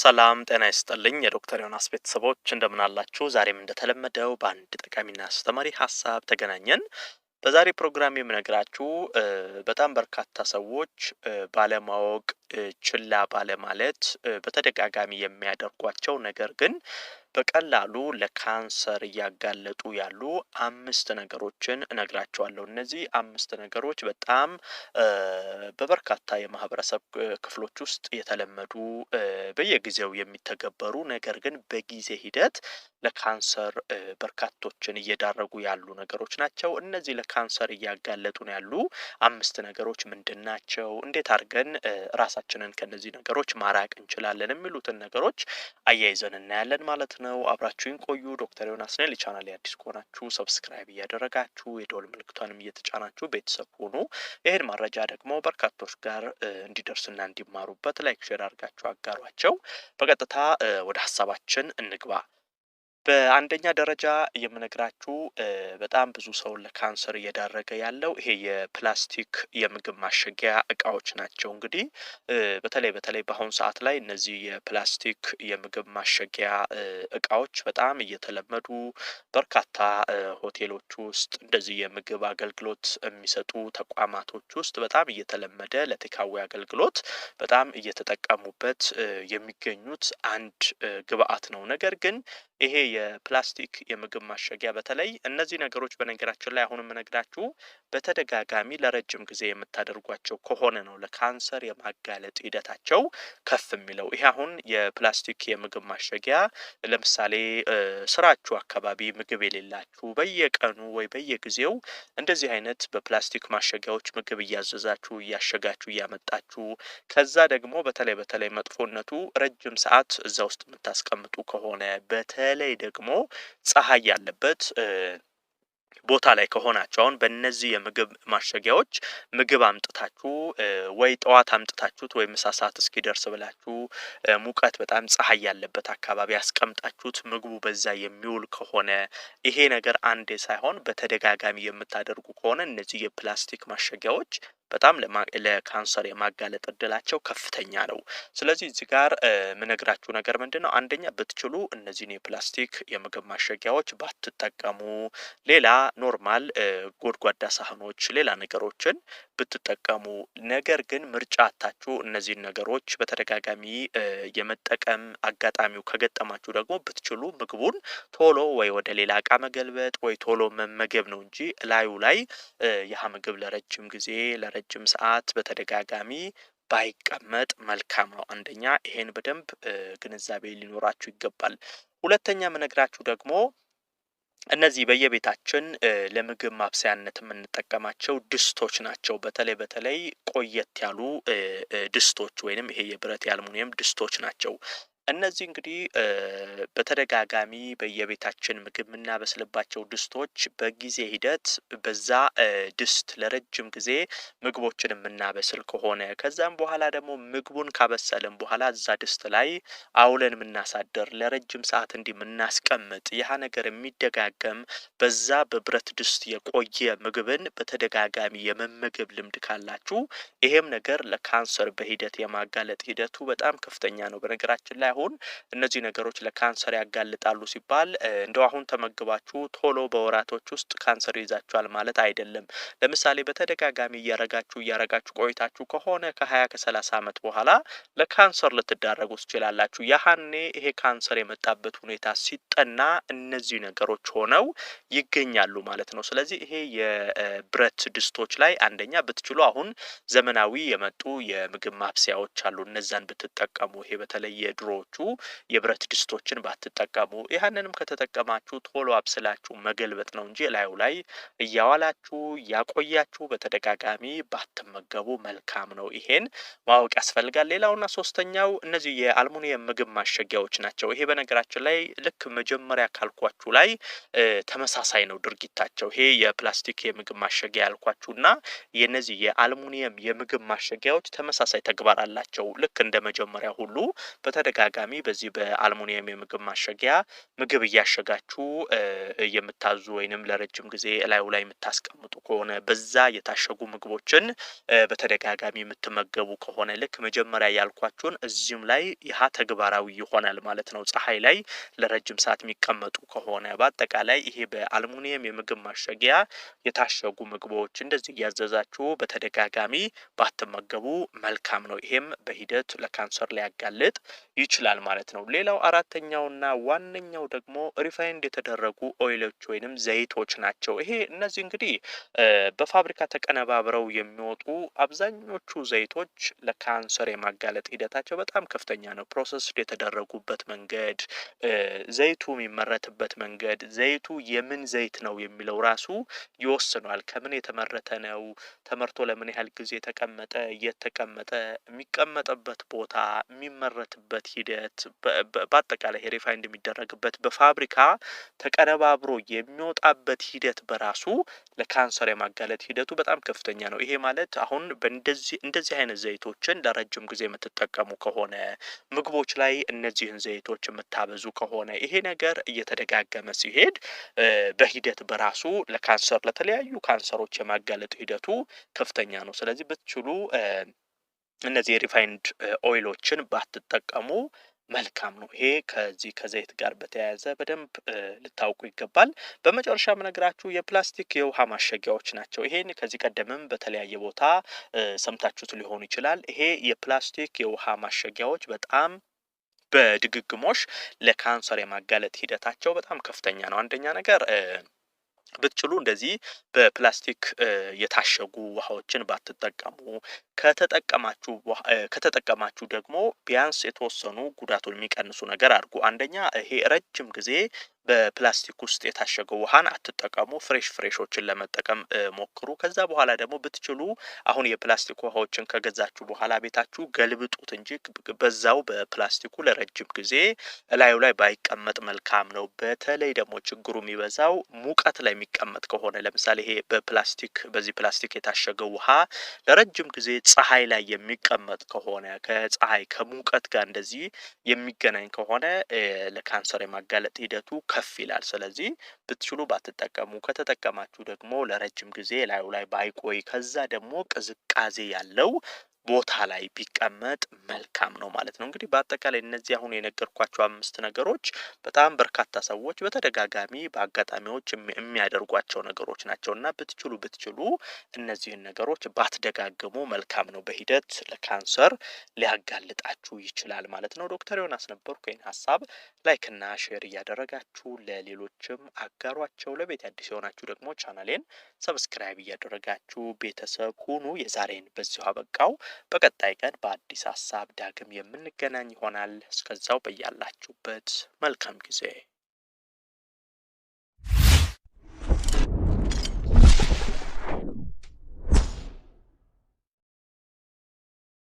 ሰላም ጤና ይስጥልኝ የዶክተር ዮናስ ቤተሰቦች እንደምናላችሁ። ዛሬም እንደተለመደው በአንድ ጠቃሚና አስተማሪ ሀሳብ ተገናኘን። በዛሬ ፕሮግራም የምነግራችሁ በጣም በርካታ ሰዎች ባለማወቅ ችላ ባለማለት በተደጋጋሚ የሚያደርጓቸው ነገር ግን በቀላሉ ለካንሰር እያጋለጡ ያሉ አምስት ነገሮችን እነግራቸዋለሁ። እነዚህ አምስት ነገሮች በጣም በበርካታ የማህበረሰብ ክፍሎች ውስጥ የተለመዱ በየጊዜው የሚተገበሩ ነገር ግን በጊዜ ሂደት ለካንሰር በርካቶችን እየዳረጉ ያሉ ነገሮች ናቸው። እነዚህ ለካንሰር እያጋለጡ ያሉ አምስት ነገሮች ምንድን ናቸው? እንዴት አድርገን ራሳ ራሳችንን ከነዚህ ነገሮች ማራቅ እንችላለን የሚሉትን ነገሮች አያይዘን እናያለን ማለት ነው። አብራችሁን ቆዩ። ዶክተር ዮናስ ነኝ። አዲስ ከሆናችሁ ሰብስክራይብ እያደረጋችሁ የደወል ምልክቷንም እየተጫናችሁ ቤተሰብ ሆኑ። ይህን መረጃ ደግሞ በርካቶች ጋር እንዲደርሱና እንዲማሩበት ላይክ፣ ሼር አድርጋችሁ አጋሯቸው። በቀጥታ ወደ ሀሳባችን እንግባ። በአንደኛ ደረጃ የምነግራችሁ በጣም ብዙ ሰውን ለካንሰር እየዳረገ ያለው ይሄ የፕላስቲክ የምግብ ማሸጊያ እቃዎች ናቸው። እንግዲህ በተለይ በተለይ በአሁኑ ሰዓት ላይ እነዚህ የፕላስቲክ የምግብ ማሸጊያ እቃዎች በጣም እየተለመዱ በርካታ ሆቴሎች ውስጥ እንደዚህ የምግብ አገልግሎት የሚሰጡ ተቋማቶች ውስጥ በጣም እየተለመደ ለቴካዊ አገልግሎት በጣም እየተጠቀሙበት የሚገኙት አንድ ግብአት ነው። ነገር ግን ይሄ የፕላስቲክ የምግብ ማሸጊያ በተለይ እነዚህ ነገሮች በነገራችን ላይ አሁን የምነግራችሁ በተደጋጋሚ ለረጅም ጊዜ የምታደርጓቸው ከሆነ ነው ለካንሰር የማጋለጥ ሂደታቸው ከፍ የሚለው። ይሄ አሁን የፕላስቲክ የምግብ ማሸጊያ ለምሳሌ ስራችሁ አካባቢ ምግብ የሌላችሁ በየቀኑ ወይ በየጊዜው እንደዚህ አይነት በፕላስቲክ ማሸጊያዎች ምግብ እያዘዛችሁ እያሸጋችሁ እያመጣችሁ ከዛ ደግሞ በተለይ በተለይ መጥፎነቱ ረጅም ሰዓት እዛ ውስጥ የምታስቀምጡ ከሆነ በተ በተለይ ደግሞ ፀሐይ ያለበት ቦታ ላይ ከሆናችሁ አሁን በእነዚህ የምግብ ማሸጊያዎች ምግብ አምጥታችሁ ወይ ጠዋት አምጥታችሁት ወይ ምሳ ሰዓት እስኪደርስ ብላችሁ ሙቀት በጣም ፀሐይ ያለበት አካባቢ ያስቀምጣችሁት ምግቡ በዛ የሚውል ከሆነ ይሄ ነገር አንዴ ሳይሆን በተደጋጋሚ የምታደርጉ ከሆነ እነዚህ የፕላስቲክ ማሸጊያዎች በጣም ለካንሰር የማጋለጥ እድላቸው ከፍተኛ ነው። ስለዚህ እዚህ ጋር ምነግራችሁ ነገር ምንድን ነው? አንደኛ ብትችሉ እነዚህን የፕላስቲክ የምግብ ማሸጊያዎች ባትጠቀሙ፣ ሌላ ኖርማል ጎድጓዳ ሳህኖች፣ ሌላ ነገሮችን ብትጠቀሙ፣ ነገር ግን ምርጫ አታችሁ እነዚህን ነገሮች በተደጋጋሚ የመጠቀም አጋጣሚው ከገጠማችሁ ደግሞ ብትችሉ ምግቡን ቶሎ ወይ ወደ ሌላ እቃ መገልበጥ ወይ ቶሎ መመገብ ነው እንጂ ላዩ ላይ ያህ ምግብ ለረጅም ጊዜ ለረጅም ሰዓት በተደጋጋሚ ባይቀመጥ መልካም ነው። አንደኛ ይሄን በደንብ ግንዛቤ ሊኖራችሁ ይገባል። ሁለተኛ ምነግራችሁ ደግሞ እነዚህ በየቤታችን ለምግብ ማብሰያነት የምንጠቀማቸው ድስቶች ናቸው። በተለይ በተለይ ቆየት ያሉ ድስቶች ወይንም ይሄ የብረት የአልሙኒየም ድስቶች ናቸው። እነዚህ እንግዲህ በተደጋጋሚ በየቤታችን ምግብ የምናበስልባቸው ድስቶች በጊዜ ሂደት በዛ ድስት ለረጅም ጊዜ ምግቦችን የምናበስል ከሆነ ከዛም በኋላ ደግሞ ምግቡን ካበሰልን በኋላ እዛ ድስት ላይ አውለን የምናሳደር ለረጅም ሰዓት እንዲህ የምናስቀምጥ ያህ ነገር የሚደጋገም በዛ በብረት ድስት የቆየ ምግብን በተደጋጋሚ የመመገብ ልምድ ካላችሁ ይሄም ነገር ለካንሰር በሂደት የማጋለጥ ሂደቱ በጣም ከፍተኛ ነው። በነገራችን ላይ ሳይሆን እነዚህ ነገሮች ለካንሰር ያጋልጣሉ ሲባል እንደው አሁን ተመግባችሁ ቶሎ በወራቶች ውስጥ ካንሰር ይዛችኋል ማለት አይደለም። ለምሳሌ በተደጋጋሚ እያረጋችሁ እያረጋችሁ ቆይታችሁ ከሆነ ከሀያ ከሰላሳ ዓመት በኋላ ለካንሰር ልትዳረጉ ትችላላችሁ። ያሀኔ ይሄ ካንሰር የመጣበት ሁኔታ ሲጠና እነዚህ ነገሮች ሆነው ይገኛሉ ማለት ነው። ስለዚህ ይሄ የብረት ድስቶች ላይ አንደኛ ብትችሉ አሁን ዘመናዊ የመጡ የምግብ ማብሰያዎች አሉ። እነዛን ብትጠቀሙ ይሄ በተለይ የድሮ ሰዎቹ የብረት ድስቶችን ባትጠቀሙ ይህንንም ከተጠቀማችሁ ቶሎ አብስላችሁ መገልበጥ ነው እንጂ ላዩ ላይ እያዋላችሁ እያቆያችሁ በተደጋጋሚ ባትመገቡ መልካም ነው። ይሄን ማወቅ ያስፈልጋል። ሌላውና ሶስተኛው እነዚህ የአልሙኒየም ምግብ ማሸጊያዎች ናቸው። ይሄ በነገራችን ላይ ልክ መጀመሪያ ካልኳችሁ ላይ ተመሳሳይ ነው ድርጊታቸው። ይሄ የፕላስቲክ የምግብ ማሸጊያ ያልኳችሁና የነዚህ የአልሙኒየም የምግብ ማሸጊያዎች ተመሳሳይ ተግባር አላቸው። ልክ እንደ መጀመሪያ ሁሉ በተደጋጋሚ በተደጋጋሚ በዚህ በአልሙኒየም የምግብ ማሸጊያ ምግብ እያሸጋችሁ የምታዙ ወይንም ለረጅም ጊዜ እላዩ ላይ የምታስቀምጡ ከሆነ በዛ የታሸጉ ምግቦችን በተደጋጋሚ የምትመገቡ ከሆነ ልክ መጀመሪያ ያልኳችሁን እዚሁም ላይ ይሀ ተግባራዊ ይሆናል ማለት ነው። ፀሐይ ላይ ለረጅም ሰዓት የሚቀመጡ ከሆነ በአጠቃላይ ይሄ በአልሙኒየም የምግብ ማሸጊያ የታሸጉ ምግቦች እንደዚህ እያዘዛችሁ በተደጋጋሚ ባትመገቡ መልካም ነው። ይሄም በሂደት ለካንሰር ሊያጋልጥ ይችላል። ይችላል ማለት ነው። ሌላው አራተኛውና ዋነኛው ደግሞ ሪፋይንድ የተደረጉ ኦይሎች ወይንም ዘይቶች ናቸው። ይሄ እነዚህ እንግዲህ በፋብሪካ ተቀነባብረው የሚወጡ አብዛኞቹ ዘይቶች ለካንሰር የማጋለጥ ሂደታቸው በጣም ከፍተኛ ነው። ፕሮሰስድ የተደረጉበት መንገድ፣ ዘይቱ የሚመረትበት መንገድ፣ ዘይቱ የምን ዘይት ነው የሚለው ራሱ ይወስኗል። ከምን የተመረተ ነው፣ ተመርቶ ለምን ያህል ጊዜ ተቀመጠ፣ እየተቀመጠ የሚቀመጠበት ቦታ፣ የሚመረትበት ሂደት ሂደት በአጠቃላይ ሪፋይንድ የሚደረግበት በፋብሪካ ተቀነባብሮ የሚወጣበት ሂደት በራሱ ለካንሰር የማጋለጥ ሂደቱ በጣም ከፍተኛ ነው። ይሄ ማለት አሁን እንደዚህ አይነት ዘይቶችን ለረጅም ጊዜ የምትጠቀሙ ከሆነ ምግቦች ላይ እነዚህን ዘይቶች የምታበዙ ከሆነ ይሄ ነገር እየተደጋገመ ሲሄድ በሂደት በራሱ ለካንሰር ለተለያዩ ካንሰሮች የማጋለጥ ሂደቱ ከፍተኛ ነው። ስለዚህ ብትችሉ እነዚህ የሪፋይንድ ኦይሎችን ባትጠቀሙ መልካም ነው። ይሄ ከዚህ ከዘይት ጋር በተያያዘ በደንብ ልታውቁ ይገባል። በመጨረሻ የምነግራችሁ የፕላስቲክ የውሃ ማሸጊያዎች ናቸው። ይሄን ከዚህ ቀደምም በተለያየ ቦታ ሰምታችሁት ሊሆን ይችላል። ይሄ የፕላስቲክ የውሃ ማሸጊያዎች በጣም በድግግሞሽ ለካንሰር የማጋለጥ ሂደታቸው በጣም ከፍተኛ ነው። አንደኛ ነገር ብትችሉ እንደዚህ በፕላስቲክ የታሸጉ ውሃዎችን ባትጠቀሙ። ከተጠቀማችሁ ደግሞ ቢያንስ የተወሰኑ ጉዳቱን የሚቀንሱ ነገር አድርጉ። አንደኛ ይሄ ረጅም ጊዜ በፕላስቲክ ውስጥ የታሸገ ውሃን አትጠቀሙ። ፍሬሽ ፍሬሾችን ለመጠቀም ሞክሩ። ከዛ በኋላ ደግሞ ብትችሉ አሁን የፕላስቲክ ውሃዎችን ከገዛችሁ በኋላ ቤታችሁ ገልብጡት እንጂ በዛው በፕላስቲኩ ለረጅም ጊዜ እላዩ ላይ ባይቀመጥ መልካም ነው። በተለይ ደግሞ ችግሩ የሚበዛው ሙቀት ላይ የሚቀመጥ ከሆነ ለምሳሌ ይሄ በፕላስቲክ በዚህ ፕላስቲክ የታሸገ ውሃ ለረጅም ጊዜ ፀሐይ ላይ የሚቀመጥ ከሆነ ከፀሐይ ከሙቀት ጋር እንደዚህ የሚገናኝ ከሆነ ለካንሰር የማጋለጥ ሂደቱ ከፍ ይላል። ስለዚህ ብትችሉ ባትጠቀሙ፣ ከተጠቀማችሁ ደግሞ ለረጅም ጊዜ ላዩ ላይ ባይቆይ ከዛ ደግሞ ቅዝቃዜ ያለው ቦታ ላይ ቢቀመጥ መልካም ነው ማለት ነው። እንግዲህ በአጠቃላይ እነዚህ አሁን የነገርኳቸው አምስት ነገሮች በጣም በርካታ ሰዎች በተደጋጋሚ በአጋጣሚዎች የሚያደርጓቸው ነገሮች ናቸው እና ብትችሉ ብትችሉ እነዚህን ነገሮች ባትደጋግሙ መልካም ነው። በሂደት ለካንሰር ሊያጋልጣችሁ ይችላል ማለት ነው። ዶክተር ዮናስ ነበርኩ። ይህን ሀሳብ ላይክና ሼር እያደረጋችሁ ለሌሎችም አጋሯቸው። ለቤት አዲስ የሆናችሁ ደግሞ ቻናሌን ሰብስክራይብ እያደረጋችሁ ቤተሰብ ሁኑ። የዛሬን በዚሁ አበቃው። በቀጣይ ቀን በአዲስ ሀሳብ ዳግም የምንገናኝ ይሆናል። እስከዛው በያላችሁበት መልካም ጊዜ